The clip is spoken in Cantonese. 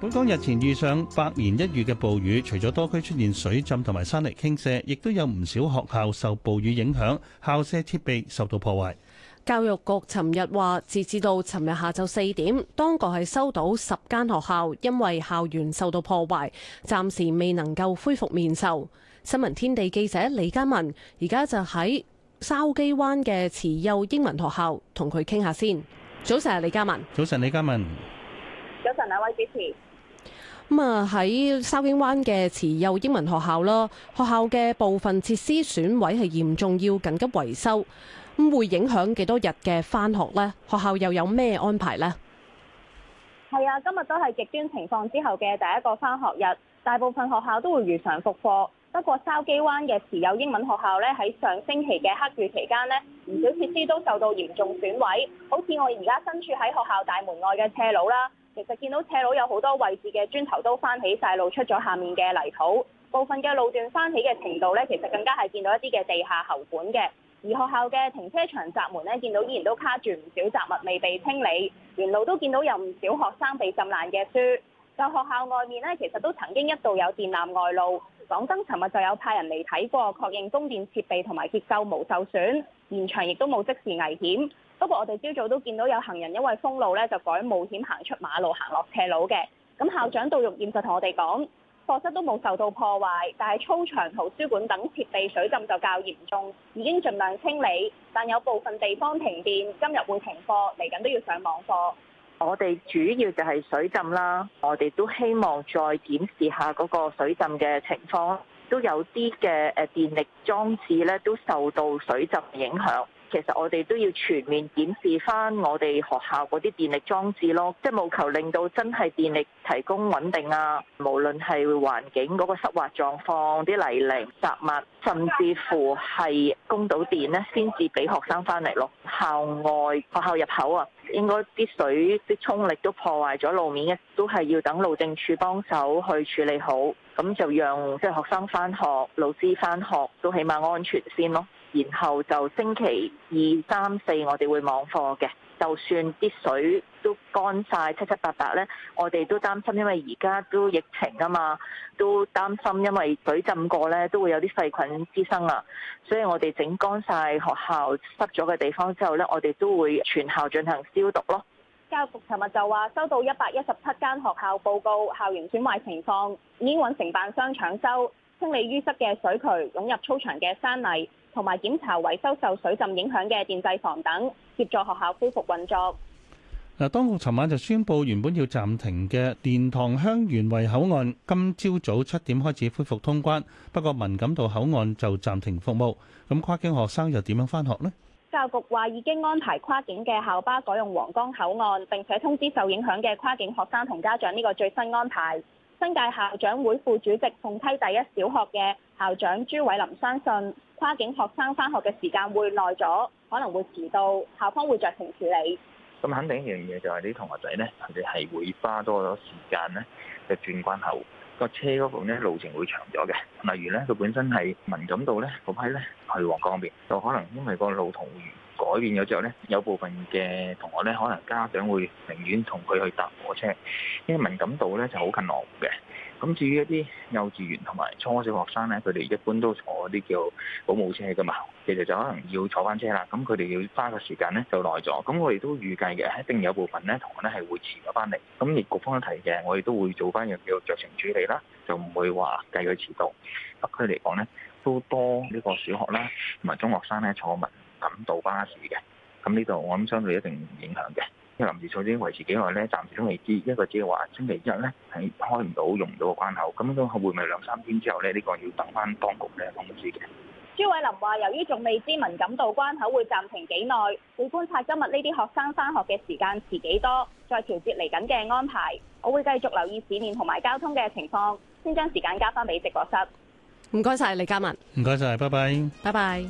本港日前遇上百年一遇嘅暴雨，除咗多區出現水浸同埋山泥傾瀉，亦都有唔少學校受暴雨影響，校舍設備受到破壞。教育局尋日話，截至到尋日下晝四點，當局係收到十間學校，因為校園受到破壞，暫時未能夠恢復面授。新聞天地記者李嘉文而家就喺筲箕灣嘅慈幼英文學校同佢傾下先。早晨，李嘉文。早晨，李嘉文。早晨，兩位主持。咁啊喺筲箕灣嘅慈幼英文學校啦，學校嘅部分設施損毀係嚴重，要緊急維修，咁會影響幾多日嘅翻學呢？學校又有咩安排呢？係啊，今日都係極端情況之後嘅第一個翻學日，大部分學校都會如常復課。不過筲箕灣嘅慈幼英文學校呢，喺上星期嘅黑雨期間呢，唔少設施都受到嚴重損毀，好似我而家身處喺學校大門外嘅斜路啦。其實見到斜路有好多位置嘅磚頭都翻起晒，露出咗下面嘅泥土。部分嘅路段翻起嘅程度咧，其實更加係見到一啲嘅地下喉管嘅。而學校嘅停車場閘門咧，見到依然都卡住唔少雜物未被清理。沿路都見到有唔少學生被浸爛嘅書。就學校外面咧，其實都曾經一度有電纜外露。港燈尋日就有派人嚟睇過，確認供電設備同埋結構無受損，現場亦都冇即時危險。不過，我哋朝早都見到有行人因為封路咧，就改冒險行出馬路，行落斜路嘅。咁校長杜玉燕就同我哋講，課室都冇受到破壞，但係操場、圖書館等設備水浸就較嚴重，已經盡量清理，但有部分地方停電，今日會停課，嚟緊都要上網課。我哋主要就係水浸啦，我哋都希望再檢視下嗰個水浸嘅情況，都有啲嘅誒電力裝置咧都受到水浸影響。其實我哋都要全面檢視翻我哋學校嗰啲電力裝置咯，即係務求令到真係電力提供穩定啊。無論係環境嗰個濕滑狀況、啲泥濘雜物，甚至乎係供到電呢，先至俾學生翻嚟咯。校外學校入口啊，應該啲水啲衝力都破壞咗路面嘅，都係要等路政處幫手去處理好，咁就讓即係學生翻學、老師翻學都起碼安全先咯。然後就星期二、三、四，我哋會網課嘅。就算啲水都乾晒七七八八咧，我哋都擔心，因為而家都疫情啊嘛，都擔心，因為水浸過咧都會有啲細菌滋生啊。所以我哋整乾晒學校濕咗嘅地方之後咧，我哋都會全校進行消毒咯。教育局尋日就話收到一百一十七間學校報告校園損壞情況，已經搵承辦商搶修，清理淤塞嘅水渠、湧入操場嘅山泥，同埋檢查維修受水浸影響嘅電制房等，協助學校恢復運作。嗱，當局尋晚就宣布，原本要暫停嘅蓮塘香園圍口岸，今朝早七點開始恢復通關。不過，文錦渡口岸就暫停服務。咁跨境學生又點樣翻學呢？教育局話已經安排跨境嘅校巴改用皇崗口岸，並且通知受影響嘅跨境學生同家長呢個最新安排。新界校長會副主席鳳溪第一小學嘅校長朱偉林相信，跨境學生返學嘅時間會耐咗，可能會遲到，校方會酌情處理。咁肯定一樣嘢就係啲同學仔呢，佢哋係會花多咗時間呢，就轉關口個車嗰部分呢，路程會長咗嘅。例如呢，佢本身係文錦渡呢，嗰批呢，去皇崗邊，就可能因為個路途會改變咗之後呢，有部分嘅同學呢，可能家長會寧願同佢去搭火車，因為敏感度呢就好近羅湖嘅。咁至於一啲幼稚園同埋初小學生呢，佢哋一般都坐啲叫保姆車噶嘛，其實就可能要坐翻車啦。咁佢哋要花嘅時間呢，就耐咗。咁我哋都預計嘅，一定有部分呢同學呢係會遲咗翻嚟。咁亦局方都提嘅，我哋都會做翻樣叫酌情處理啦，就唔會話計佢遲到。北區嚟講呢，都多呢個小學啦同埋中學生呢坐港島巴士嘅，咁呢度我諗相對一定影響嘅。因為臨時措施維持幾耐咧，暫時都未知。一個只係話星期一咧係開唔到、用唔到個關口，咁都會唔會兩三天之後咧？呢個要等翻當局嘅通知嘅。朱偉林話：由於仲未知文錦渡關口會暫停幾耐，會觀察今日呢啲學生返學嘅時間遲幾多，再調節嚟緊嘅安排。我會繼續留意市面同埋交通嘅情況，先將時間交翻俾直播室。唔該曬，李嘉雯。唔該曬，拜拜。拜拜。